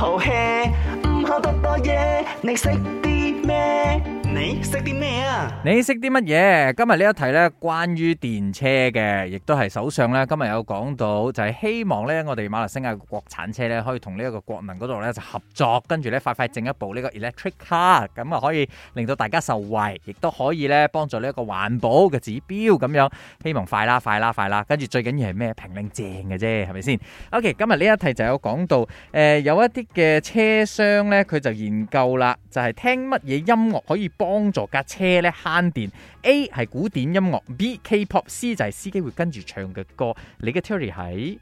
好氣，唔好咁多嘢，你識啲咩？你識啲咩啊？你識啲乜嘢？今日呢一題咧，關於電車嘅，亦都係首相咧，今日有講到，就係希望咧，我哋馬來西亞嘅國產車咧，可以同呢一個國民嗰度咧就合作，跟住咧快快整一部呢個 electric car，咁啊可以令到大家受惠，亦都可以咧幫助呢一個環保嘅指標咁樣。希望快啦，快啦，快啦，跟住最緊要係咩？平靚正嘅啫，係咪先？OK，今日呢一題就有講到，誒，有一啲嘅車廂咧，佢就研究啦，就係聽乜嘢音樂可以。幫助架車咧慳電，A 係古典音樂，B K-pop，C 就係司機會跟住唱嘅歌。你嘅 theory 係。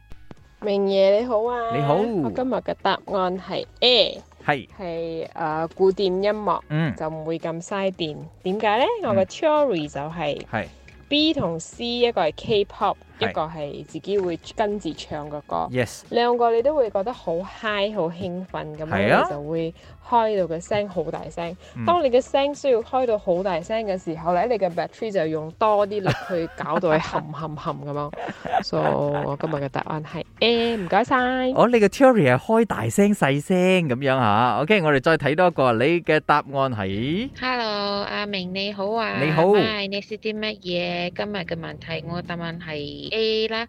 明爺你好啊，你好，我今日嘅答案係 A，係，係誒古典音樂，嗯就唔會咁嘥電。點解呢？我嘅 theory 就係、是、係、嗯、B 同 C 一個係 K-pop。一個係自己會跟住唱嘅歌，兩個你都會覺得好 high、好興奮咁樣，你就會開到嘅聲好大聲。當你嘅聲需要開到好大聲嘅時候咧，你嘅 battery 就用多啲力去搞到佢冚冚冚咁樣。所以我今日嘅答案係 M，唔該晒。哦你嘅 theory 係開大聲細聲咁樣嚇。OK，我哋再睇多一個，你嘅答案係。Hello，阿明你好啊。你好。Hi，你識啲乜嘢？今日嘅問題我嘅答案係。A 啦，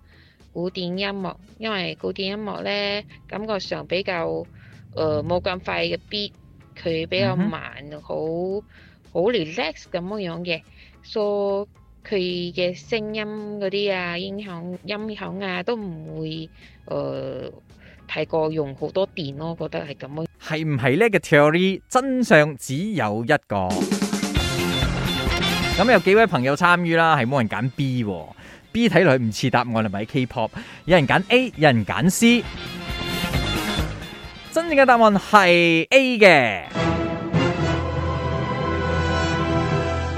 古典音樂，因為古典音樂咧，感覺上比較，誒冇咁快嘅 beat，佢比較慢，好好 relax 咁樣樣嘅，所以佢嘅聲音嗰啲啊，音響音響啊，都唔會誒太過用好多電咯，我覺得係咁樣。係唔係呢個 theory？真相只有一個。咁有幾位朋友參與啦，係冇人揀 B。睇落去唔似答案係咪 K-pop？有人揀 A，有人揀 C，真正嘅答案係 A 嘅。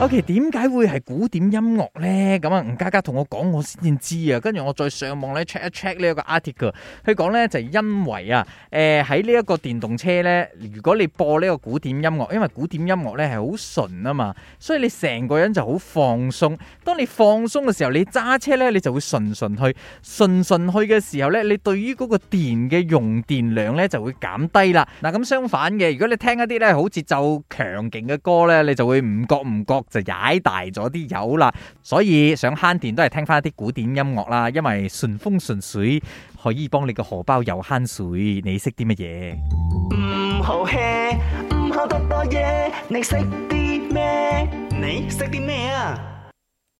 OK，點解會係古典音樂呢？咁啊，吳家家同我講，我先知啊。跟住我再上網咧 check 一 check 呢一個 article，佢講呢就係因為啊，喺呢一個電動車呢，如果你播呢個古典音樂，因為古典音樂呢係好純啊嘛，所以你成個人就好放鬆。當你放鬆嘅時候，你揸車呢，你就會順順去，順順去嘅時候呢，你對於嗰個電嘅用電量呢就會減低啦。嗱咁相反嘅，如果你聽一啲呢好節奏強勁嘅歌呢，你就會唔覺唔覺。就踩大咗啲油啦，所以想慳電都係聽翻啲古典音樂啦，因為順風順水可以幫你個荷包又慳水。你識啲乜嘢？你識啲咩？你識啲咩呀？